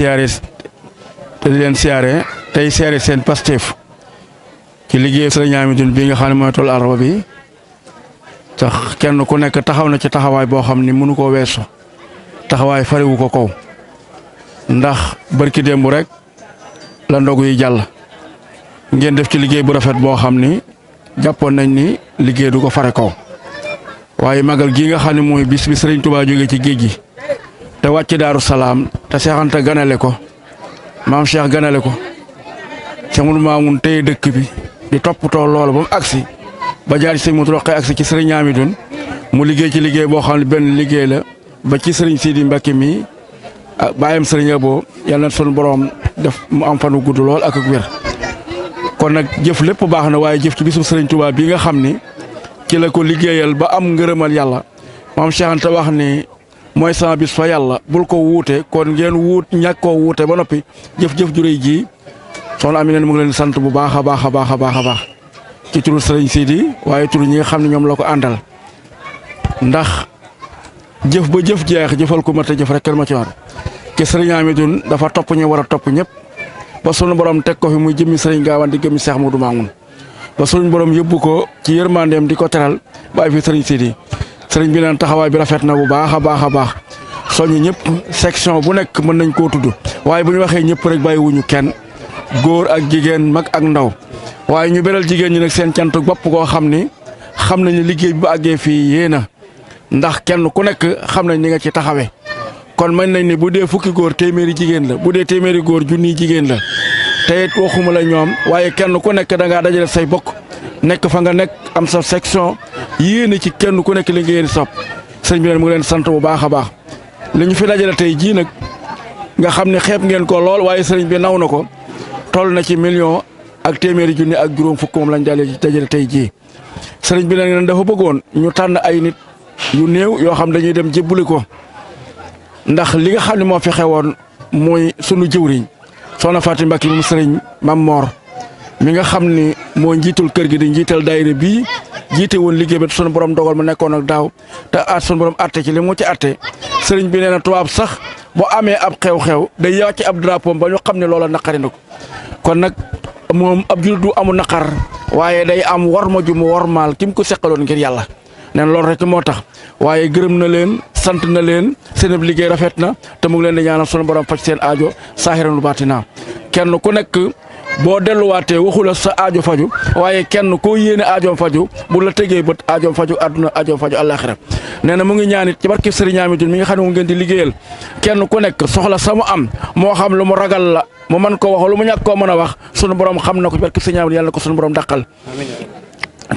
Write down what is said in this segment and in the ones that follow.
siyaare te leen siyaare tey siyaare seen Pastef ci liggéey Sëriñ Amidoune bi nga xam ne mooy toolu àllarba bi tax kenn ku nekk taxaw na ci taxawaay boo xam ni mënu koo weesu taxawaay fariwu ko kaw ndax barki démb rek la ndogu yi jàll ngeen def ci liggéey bu rafet boo xam ni jàppoon nañ ni liggéey du ko fare kaw waaye magal gi nga xam ne mooy bis bi Sëriñ Tuubaa jóge ci géej gi te wàcc daru salam te Cheikh Anta ganale ko mam Cheikh ganale ko Cheikh Mamoun tey dekk bi di top loola ba mu aksi ba jaar ci sëñ Moudou aksi agsi ci sëriñ Amidoune mu liggéey ci liggéey bo, xamni ben benn la ba ci serigne Sidi mbake mi ak bayam serigne Abo yalla sun borom def mu am fanu gudd lol ak ak wer kon nak jëf lepp na jëf ci bisum serigne Touba bi nga xamni ci la ko liggeyal ba am ngeureumal yalla mam Cheikh Anta wax ni mooy sama bis fa yàlla bul ko wuute kon ngeen wuut ñàkk koo wuute ba noppi jëf-jëf ju réy ji soxna Ami neen mu ngi leen sant bu baax a baaxa baax a baax a baax ci turu sëriñ Sidi waaye turu ñi nga xam ne ñoom la ko àndal ndax jëf ba jëf jeex jëfal ko mat a jëf rek kenn ma ci ke ci sëriñ Amidun dafa topp ñu war a topp ñëpp ba sunu borom teg ko fi muy jëmmi sëriñ Gaawaan di gëmmi Seex Mudu Maamun ba sunu borom yóbbu ko ci yërmandeem di ko teral bàyyi fi sëriñ sëriñ bi neen taxawaay bi rafet na bu baax a baax a baax soññi ñëpp section bu nekk mën nañ koo tudd waaye bu ñu waxee ñëpp rek bàyyiwuñu kenn góor ak jigéen mag ak ndaw waaye ñu beral jigéen ñi nag seen cant bopp koo xam ni xam nañu liggéey bi bu àggee fii yéena ndax kenn ku nekk xam nañ ni nga ci taxawee kon mën nañ ni bu dee fukki góor téeméeri jigéen la bu dee téeméeri góor junniy jigéen la te waxuma la ñoom waaye kenn ku nekk da ngaa dajale say bokk nekk fa nga nekk am sa section. yéene ci kenn ku nekk li nga sopp sëñ bi neen mu ngi leen sant bu baax a baax li ñu fi dajale tey jii nag nga xam ne xeeb ngeen ko lool waaye sëriñ bi naw na ko toll na ci million ak téeméeri junni ak juróom fukk moom lañ dalee dajale tey jii sëriñ bi nag dafa bëggoon ñu tànn ay nit yu néew yoo xam dañuy dem jébbule ko ndax li nga xam ne moo fi xewoon mooy sunu jëwriñ soxna Fatim Mbacke moom sëriñ Mam mi nga xam ni moo njiitul kër gi di njiital daayira bii jiite woon liggéey bi sunu borom dogal mu nekkoon ak daaw te at sunu borom atte ci li mu ci atte sëriñ bi nee na tubaab sax boo amee ab xew-xew day ci ab drapeau ba ñu xam ne loola naqari na ko kon nag moom ab jullit du amu naqar waaye day am warma ju mu warmaal ki mu ko seqaloon ngir yàlla nen loolu rek moo tax waaye gërëm na leen sant na leen seen ab liggéey rafet na te mu ngi leen di ñaanal sunu borom faj seen aajo saaxiran lu baati naa kenn boo delluwaatee waxu la sa aajo faju waaye kenn koo yéene aajoom faju bu la tegee bët aajoom faju àdduna aajoom faju àllaaxira nee na mu ngi ñaanit ci barke Sëriñ Amidu mi nga xam ne mu ngeen di liggéeyal kenn ku nekk soxla sama am moo xam lu mu ragal la mu mën ko wax lu mu ñàkk koo mën a wax sunu borom xam na ko ci barke Sëriñ Amidu yàlla na ko sunu borom dàqal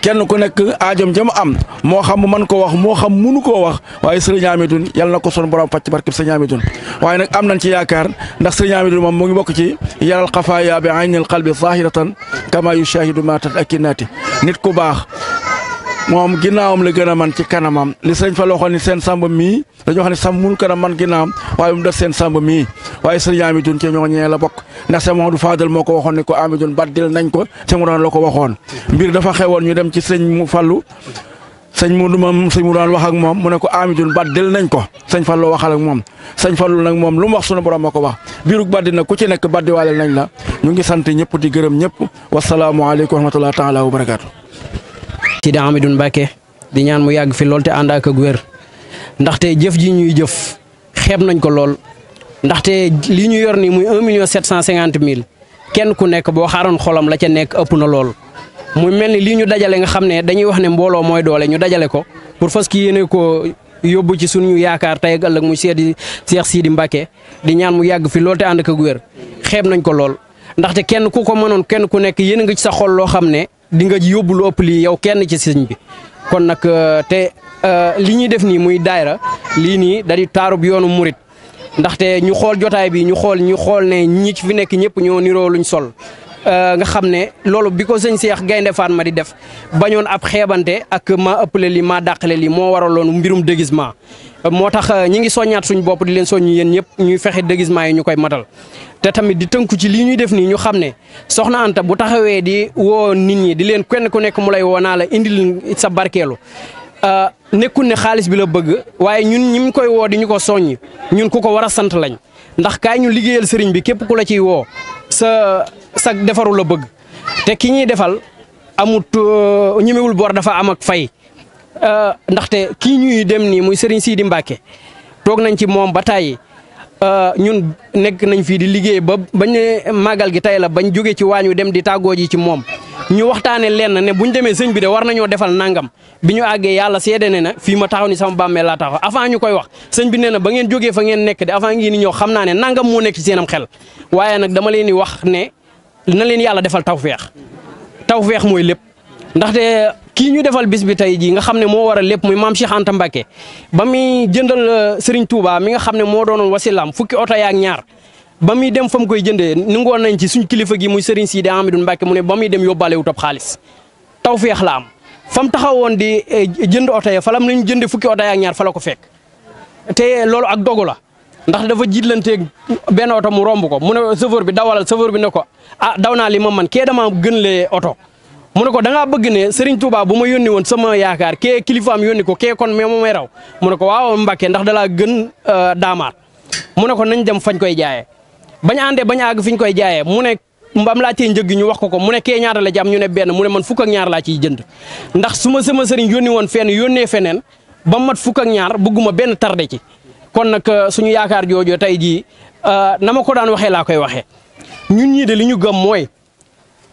kenn ku nekk aajam jëm am moo xam man ko wax moo xam munu koo wax waaye sëriñ Amidoune yal na ko son borom fàcc barkeb sëriñ Amidoune waaye nag am nañ ci yaakaar ndax sëriñ Amidoune moom mu ngi bokk ci yaral xafaaya bi aynil qalbi zahiratan kama yushahidu ma tat akinaati nit ku baax moom ginnaawam la gën a man ci kanamam li sëñ fa waxoon ni seen sàmb mii dañoo wax ne sàmb mun kanam man ginnaawam waaye mu def seen sàmb mii waaye sëñ Amidun ci ñoo ñee la bokk ndax sëñ Mamadou Fadal moo ko waxoon ne ko Amidun baddil nañ ko sëñ mu daan la ko waxoon mbir dafa xewoon ñu dem ci sëñ mu Fallu sëñ mu moom sëñ mu daan wax ak moom mu ne ko Amidun baddil nañ ko sëñ Fallu waxal ak moom sëñ Fallu nag moom lu mu wax sunu borom moo ko wax biirug baddi na ku ci nekk baddiwaale nañ la ñu ngi sant ñëpp di gërëm ñëpp wasalaamualeykum wa rahmatulah taala wa barakaatu Sidi Hamidou bake di ñaan mu yag fi lol te ànd ak guer ndax te jëf ji ñuy jëf xeb nañ ko ndax te li ñu yor ni muy un million kenn ku nekk bo xaron xolam la ca nekk ëpp na lol mu melni ni ñu dajale nga xam ne dañuy wax ne mbolo moy doole ñu dajale ko pour fas ki yene ko yobbu ci suñu yaakar tay ak ëlëk mu seedi Cheikh Sidi mbake di ñaan mu yag fi lol te and ak guer xeb nañ ko ndax te kenn ku ko mënon kenn ku nekk yene nga ci sa xol lo di nga yóbbu lu lii yow kenn ci sëñ bi kon nag euh, te euh, li ñuy def nii muy daayra lii nii dadi taarub yoonu murit ndaxte ñu xool jotaay bi ñu xool ñu xool ne ñi ci fi nekk ñëpp ñoo niroo ñu sol euh, nga xam ne loolu bi ko sëñ Seex Gaynde ma di def bañoon ab xeebante ak maa ëppale li maa dàqale li moo waraloon mbirum déguisement moo tax ñi ngi soññaat suñ bopp di leen soññu yéen ñëpp ñuy fexe déguisement yi ñu koy matal te tamit di tënku ci lii ñuy def nii ñu xam ne soxna Anta bu taxawee di woo nit ñi di leen kenn ku nekk mu lay woo naa la indil sa barkeelu euh, nekkul ne xaalis bi la bëgg waaye ñun ñi koy woo di ñu ko soññi ñun ku ko war a sant lañ ndax kaay ñu liggéeyal sëriñ bi képp ku la ciy woo sa sa defaru la bëgg te ki ñuy defal amut euh, ñemewul bor dafa am ak fay euh, ndaxte kii ñuy dem nii muy sëriñ Sidi Mbacke toog nañ ci moom ba tàyyi Euh, ñun nekk nañ fii di liggéey ba bañ màggal gi tey la bañ jógee ci waañ wi dem di tàggoo ji ci moom ñu waxtaane na ne buñ demee sëñ bi de war nañoo defal nangam bi ñu àggee yàlla seede ne na fii ma taxaw ni sama bàmmeel laa taxaw avant ñu koy wax sëñ bi nee na ba ngeen jógee fa ngeen nekk de avant ngeen ni ñëw xam naa ne nangam moo nekk ci seenam xel waaye nag dama leen di wax ne na leen yàlla defal tawfeex tawfeex mooy lépp ndaxte kii ñu defal bis bi tey jii nga xam ne moo waral lépp muy maam Cheikh Anta Mbacke ba muy jëndal euh, Serigne Touba mi nga xam ne moo doon doonoon wasilaam fukki oto yaak ñaar ba muy dem fa mu koy jëndee nangoon nañ ci suñ kilifa gi muy Serigne Sidi Amidou Mbacke mu ne ba muy dem yóbbaale wu xaalis taw tawféex la am fa taxaw woon di e jënd oto ya falam nañ jënde fukki oto yaak ñaar fa ko fekk te euh, loolu ak dogu la ndax dafa jiitlanteeg benn oto mu romb ko mu ne chauffeur bi dawalal chauffeur bi ne ko ah daw naa li ma man kee dama gën oto mu ne ko da bëgg ne Serigne Touba bu ma yónni woon sama yaakaar kee kilifaam yónni ko kee kon mais moom may raw mu ne ko waaw Mbacke ndax dalaa gën euh, daamaar mu ne ko nañ dem fañ koy jaayee bañ àndee bañ àgg fiñ koy jaayee mu ne mbaam laa cee njëgg ñu wax ko ko mu ne kee ñaata la ci am ñu ne benn mu ne man fukk ñaar laa ciy jënd ndax su ma sama sëriñ yónni woon fenn yónnee feneen ba mat fukk ak ñaar bëgguma benn tardé ci kon nag euh, suñu yaakaar joojoo tey jii euh, na ma ko daan waxee laa koy waxee ñun ñii de li ñu gëm mooy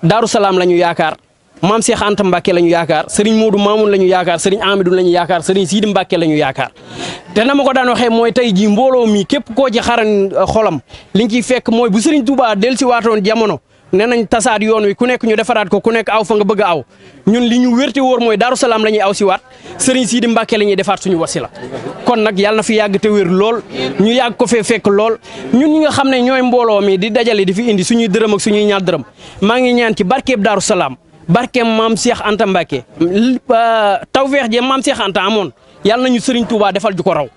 Daaru Salaam la ñu yaakaar maam Cheikh Anta Mbacke lañu yaakaar Serigne Modou Mamoun lañu yaakaar Serigne Amidou la ñu yaakaar Serigne Sidi Mbacke la ñu yaakaar te na ma ko daan waxee mooy tey jii mbooloo mi képp koo ci xaran euh, xolam li ñu ciy fekk mooy bu Serigne Touba del si waatoon jamono nee nañ tasaat yoon wi ku nekk ñu defaraat ko ku nekk aw fa nga bëgg aw ñun li ñu wérte wóor mooy Daaru Salaam la ñuy aw si waat Serigne Sidi Mbacke la ñuy defaat suñu wasila kon nag yàlla na fi yàgg te wér lool ñu yàgg ko fee fekk lool ñun ñi nga xam ne ñooy mbooloo mi di dajale di fi indi suñuy dërëm ak suñuy ñaar dërëm maa ngi ñaan ci barkeeb Daaru Salaam barkeem maam Cheikh Anta Mbacke euh, tawfeex je maam Cheikh Anta amoon yàlla nañu Serigne Touba defal ju ko raw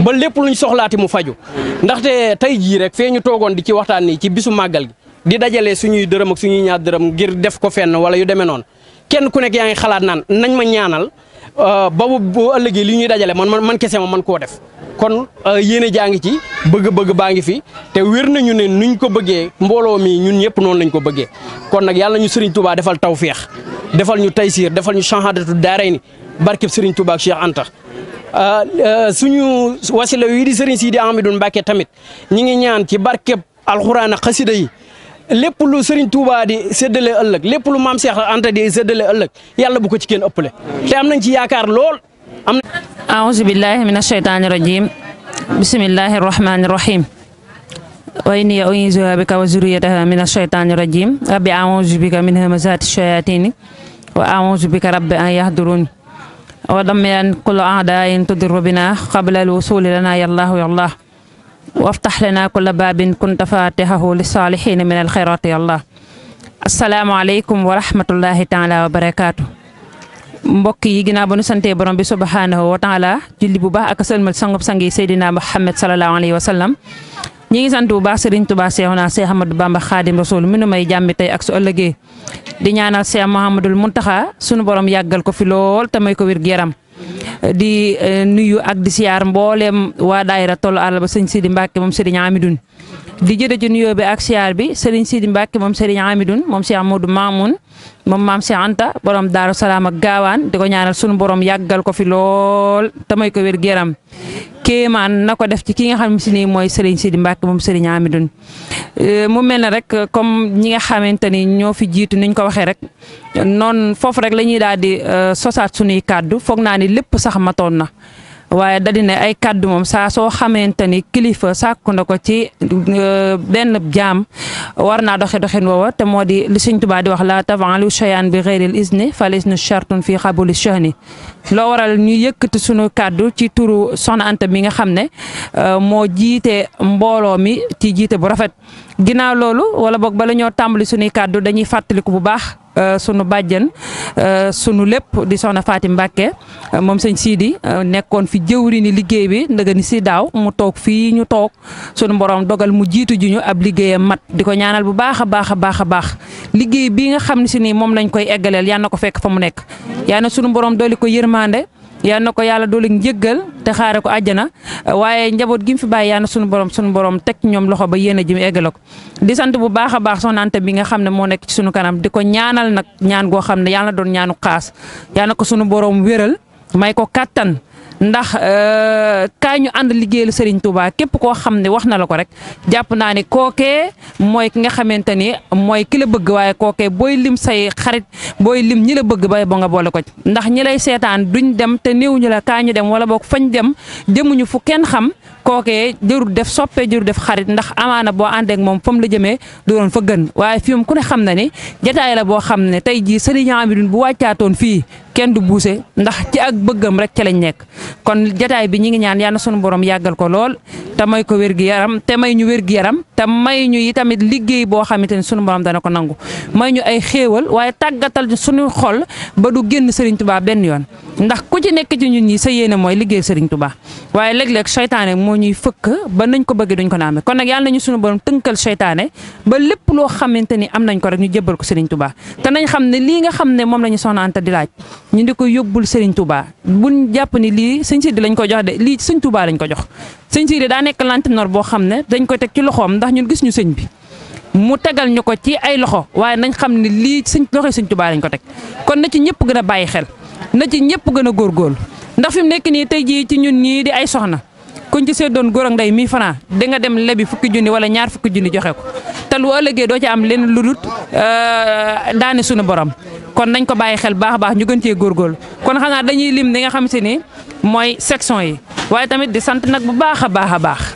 ba lépp luñ soxlaati mu faju ndaxte tey jii rek fee ñu toogoon di ci waxtaan nii ci bisu màggal gi di dajale suñuy dërëm ak suñuy ñaar dërëm ngir def ko fenn wala yu demee noonu kenn ku nekk yaa ngi xalaat naan nañ ma ñaanal. Euh, ba bu ëllëgee li ñuy dajale man man man kese ma man koo def kon euh, yéene jaa ngi ci bëgg-bëgg baa ngi fi te wér nañu ne nuñ ko bëggee mbooloo mi ñun ñëpp noonu lañ ko bëggee kon nag yàlla ñu Serigne Touba defal tawféex defal ñu taysiir defal ñu shahadatu daarayni barkeb Serigne Touba ak Cheikh Anta euh, suñu wasila yi di Serigne Sidi Amidou Mbacke tamit ñu ngi ñaan ci barkeb alxuraan a xasida yi lépp lu Serigne Touba di séddale ëllëg lépp lu maam Cheikh Anta di séddale ëllëg yàlla bu ko ci kenn ëppale te am nañ ci yaakaar lool. am aouzu billahi min asheytaani rajim bismillahi rahmaani rahim wa inni u'iizuha bika wa zurriyataha min asheytaani rajim rabbi aouzu bika min hamazaati shayatini wa aouzu bika rabbi an yahdurun wa dammiran kullu a'daayin tudirru bina qabla al-wusuli lana ya Allah ya Allah وافتح لنا كل باب كنت فاتحه للصالحين من الخيرات يا الله السلام عليكم ورحمه الله تعالى وبركاته مبكي جينا بنو سانتي بروم بي سبحانه وتعالى جولي بو با اك سلمل سانغوب سيدنا محمد صلى الله عليه وسلم نيغي سانتو با سيرين توبا سيخنا شيخ احمد بامبا خادم رسول منو ماي جامي تاي اك سولغي دي نيانال شيخ محمد المنتخا سونو بروم ياغال كو في لول تاماي كو وير غيرام di eh, nuyu ak di siyaar mbooleem waa daayira tollu àll ba sëñ Sidi Mbacke moom Sëriñ Amidoune di jëdë ci nuyoo bi ak bi sëriñ Sidi Mbacke moom sëriñ Amidoun moom Cheikh Modou moom maam Cheikh Anta borom Daaru Salaam ak gaawaan di ko ñaanal sunu borom yàggal ko fi lool te may ko wér géram kéemaan na ko def ci ki nga xam si ni mooy sëriñ Sidi Mbacke moom sëriñ Amidoun euh, mu mel ne rek comme ñi nga xamante ni ñoo fi jiitu niñ ko waxee rek noon foofu rek la ñuy daal di euh, sosaat sunuy kàddu foog naa ni lépp sax matoon na. waaye da ay kàddu moom saa soo xamante ni kilifa sàkku na ko ci euh, benn jaam war naa doxe doxin woowa te moo di li Sëñ Tuubaa di wax la tavalu cheyaan bi xeyril isni fal isnu chartun fii xabuli chahni loo waral ñu yëkkati sunu kàddu ci turu Soxna Anta mi nga xam ne euh, moo jiite mbooloo mi ci jiite bu rafet ginnaaw loolu wala boog bala ñoo tàmbali sunuy kàddu dañuy fàttaliku bu baax Euh, sunu bàjjen euh, sunu lépp di soxna Faati Mbàkke euh, moom sëñ Sidi nekkoon fi jëwri ni liggéey bi ndaga ni si daaw mu toog fii ñu toog sunu borom dogal mu jiitu ju ñu ab liggéeyam mat di ko ñaanal bu baax a baax a baax a baax liggéey bi nga xam ne si nii moom lañ koy eggaleel yal na ko fekk fa mu nekk yal na sunu borom dooli ko yërmande yal na ko yàlla doole njëggal te xaare ko àjjana waaye njaboot gi mu fi bàyyi yal na sunu borom sunu boroom teg ñoom loxo ba yéen a jëm eggale ko di sant bu baax a baax soxna Anta bi nga xam ne moo nekk ci sunu kanam di ko ñaanal nag ñaan goo xam ne yal na doon ñaanu xaas yal na ko sunu boroom wéral may ko kattan ndax euh, kaay ñu ànd liggéeyal Serigne Touba képp koo xam ne wax na la ko rek jàpp naa ne kookee mooy ki nga xamante ni mooy ki la bëgg waaye kookee booy lim say xarit booy lim ñi la bëgg bay ba nga boole ko ndax ñi lay seetaan duñ dem te néew ñu la kaay ñu dem wala boog fañ dem jëmuñu fu kenn xam. kookee jërul def soppee jërul def xarit ndax amaana boo àndeek moom fa la jëmee du doon fa gën waaye fii moom ku ne xam na ni jataay la boo xam ne tey jii sëriñ Amidun bu wàccaatoon fii kenn du buuse ndax ci ak bëggam rek ca lañ nekk kon jataay bi ñu ngi ñaan yal na sunu borom yàggal ko lool te may ko wér gi yaram te may ñu wér gi yaram te may ñu itamit liggéey boo xamante ne sunu borom dana ko nangu may ñu ay xéewal waaye tàggatal sunu xol ba du génn sëriñ Tuubaa benn yoon ndax ku ci nekk ci ñun ñi sa yéene mooy liggéey Serigne Touba waaye léeg-léeg seytaane moo ñuy fëkk ba nañ ko bëggee duñ ko naame kon nag yàlla nañu suñu borom tënkal seytaane ba lépp loo xamante ni am nañ ko rek ñu jébbal ko Serigne Touba te nañ xam ne lii nga xam ne moom la ñu Soxna Anta di laaj ñu di ko yóbbul Serigne Touba buñ jàpp ni lii sëñ Sidi lañ ko jox de lii sëñ Touba lañ ko jox sëñ Sidi daa nekk lantinoor boo xam ne dañ ko teg ci loxoom ndax ñun gis ñu sëñ bi mu tegal ñu ko ci ay loxo waaye nañ xam ne lii sëñ loxo sëñ Touba lañ ko teg kon na ci ñëpp gën a bàyyi xel na ci ñëpp gën a góor góorgóorlu ndax fi mu nekk nii tey jii ci ñun ñii di ay soxna kuñ ci seet doon góor ak ndey 1000 francs di nga dem lebi fukki junni wala ñaar fukki junni joxe ko te lu ëllëgee doo ci am lenn lu dul euh, daani sunu borom kon nañ ko bàyyi xel baax baax ñu gën cee góorgóorlu kon xanaa dañuy lim li nga xam si ni mooy section yi waaye tamit di sant nag bu baax a baax a baax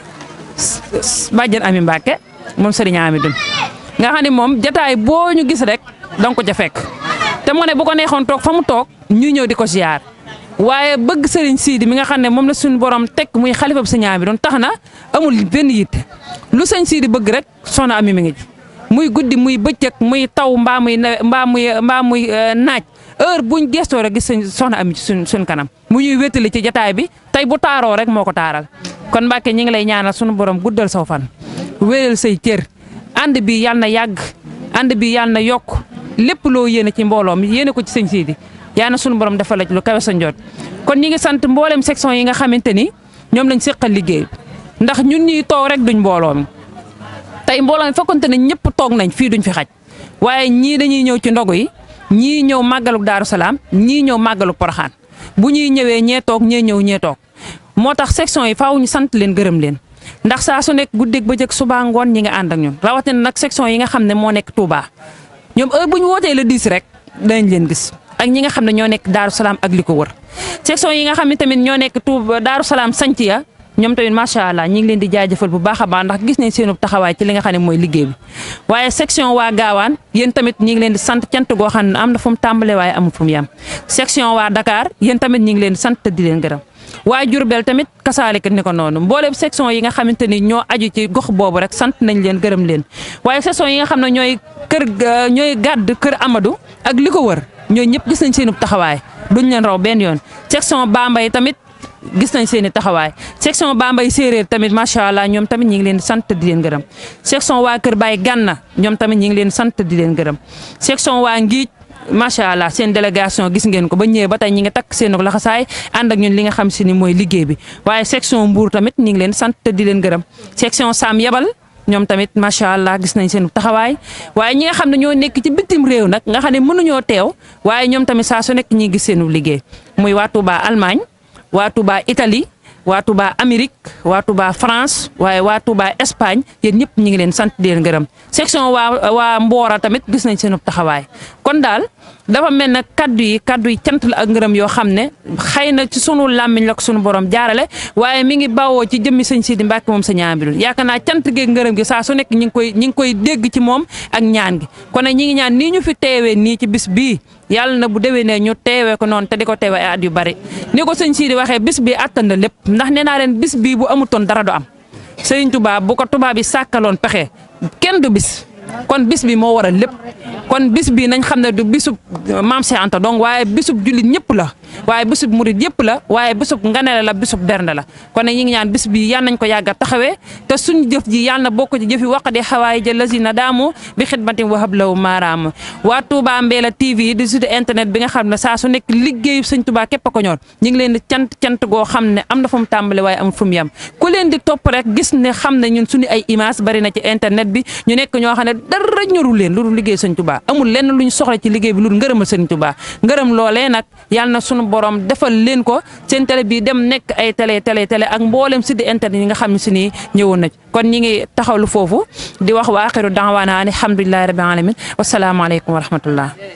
bàjjen Ami Mbàkke moom sëriñ Ami Dun nga xam ne moom jataay boo ñu gis rek danga ko ca fekk te ñuy ñëw di ko ziar waaye bëgg Serigne siidi mi nga xam ne moom la suñu borom teg muy xalifa bu Serigne Amy doon tax na amul benn yitte lu Serigne Sidi bëgg rek soxna Amy mi ngi muy guddi muy bëccëg muy taw mbaa muy mbaa muy mbaa muy euh, naaj heure buñ gestoo rek gis sëñ soxna Amy ci suñ suñ kanam mu ñuy wéttali ci jataay bi tey bu taaroo rek moo ko taaral kon Mbàkke ñi ngi lay ñaanal suñu borom guddal saw fan wéeral say cër ànd bi yàlla na yàgg ànd bi yàlla na yokk lépp loo yéene ci mbooloom yéene ko ci sëñ Sidi yaa na sunu borom dafa laj lu kawe sa njoot kon ñi ngi sant mboolem section yi nga xamante ni ñoom lañ séqal liggéey ndax ñun ñuy toog rek duñ mbooloo mi tey mbooloo mi fekkonte ñëpp toog nañ fii duñ fi xaj waaye ñii dañuy ñëw ci ndogu yi ñii ñëw màggalu daaru salaam ñii ñëw màggalu poroxaan bu ñuy ñëwee ñee toog ñee ñëw ñee toog moo tax section yi faaw ñu sant leen gërëm leen ndax saa su nekk guddeek guddeeg bëccëg subaa ngoon ñi nga ànd ak ñun rawatina nag section yi nga xam ne moo nekk Touba ñoom heure bu ñu wootee le 10 rek dañ leen gis ak ñi nga xamne ño nek nekk Daaru ak liko wër section yi nga xamne tamit ño nek Tuuba Daaru Salaam ya tamit machallah ñi ngi leen di jaajeufal bu baaxa ba ndax gis nañ seenu taxaway ci li nga xamne moy liggey bi waye section wa gawan yeen tamit ñi ngi leen di sante cant go xamne amna fu mu tambalé waye amu fu mu yam section wa Dakar yeen tamit ñi ngi leen di sant di leen gëram tamit kasalik ni ko noonu mbooleem section yi nga xamanteni ño aju ci gox bobu rek sant nañ leen gërëm leen waye section yi nga xam ñoy kër ñoy gadd kër Amadou ak liko wër ñooñu ñëpp gis nañ seen taxawaay duñ leen raw benn yoon section Bambey tamit gis nañ seen i taxawaay section Bambey séeréer tamit macha allah ñoom tamit ñi ngi leen sant di leen gërëm section waa Kër Baye Ganna ñoom tamit ñi ngi leen sant di leen gërëm section waa Ngiij macha allah seen délégation gis ngeen ko ba ñëwee ba tey ñi ngi takk seen laxasaay ànd ak ñun li nga xam si ni mooy liggéey bi waaye section Mbour tamit ñi ngi leen sant di leen gërëm section Sam ñoom tamit macha allah gis nañ seen taxawaay waaye ñi nga xam ne ñoo nekk ci bitim réew nag nga xam ne mënuñoo teew waaye ñoom tamit saa su nekk ñi gis seenu liggéey muy waa Touba Allemagne waa Touba Italie waa Touba Amérique waa Touba France waaye waa Touba Espagne yéen ñëpp ñu ngi leen sant di leen gërëm section waa waa Mbora tamit gis nañ seen taxawaay kon daal dafa mel ne kaddu yi kaddu yi cant la ak ngërëm yoo xam ne xëy na ci sunu làmmiñ la sunu borom jaarale waaye mi ngi bawoo ci jëmmi sëñ Sidi Mbàkke moom sa ñaambilul yaakaar naa cant geeg ngërëm gi saa su nekk ñi ngi koy ñi ngi koy dégg ci moom ak ñaan gi kon nag ñi ngi ñaan nii ñu fi teewee nii ci bis bii yàlla na bu dewee ne ñu teewee ko noonu te di ko teewee ay yu bari ni ko sëñ Sidi waxee bis bi attan na lépp ndax nee naa leen bis bii bu amutoon dara du am sëriñ tubaab bu ko tubaab yi sàkkaloon pexe kenn du bis kon bis bi moo waral lépp kon bis bi nañ xam ne du bisub maam Cheikh Anta donc waaye bisub jullit ñëpp la. waaye bisub murit yëpp la waaye bisub nganale la bisub bernde la kon nag ñi ngi ñaan bis bi yal nañ ko yàgg a taxawee te suñu jëf ji yal na bokk ci jëfi waqdi xawaay ja lazina daamu bi xidmatin wahab law maaraam waa Touba Mbella TV di site internet bi nga xam ne saa su nekk liggéeyu sëñ Touba képp ko ñor ñi ngi leen di cant cant goo xam ne am na fu mu tàmbale waaye am fu mu yem ku leen di topp rek gis ne xam ne ñun suñu ay image bari na ci internet bi ñu nekk ñoo xam ne dara ñorul leen lu dul liggéey sëñ Touba amul lenn lu ñu soxla ci liggéey bi lu dul ngërëmal sëñ Touba ngërëm sunu borom defal leen ko seen télé bii dem nekk ay télé télé télé ak si site internet yi nga xam ne si nii ñëwoon na kon ñi ngi taxawlu foofu di wax wa axiru daawaana ani alhamdulillahi rabbil alamin wasalaamaaleykum wa rahmatullah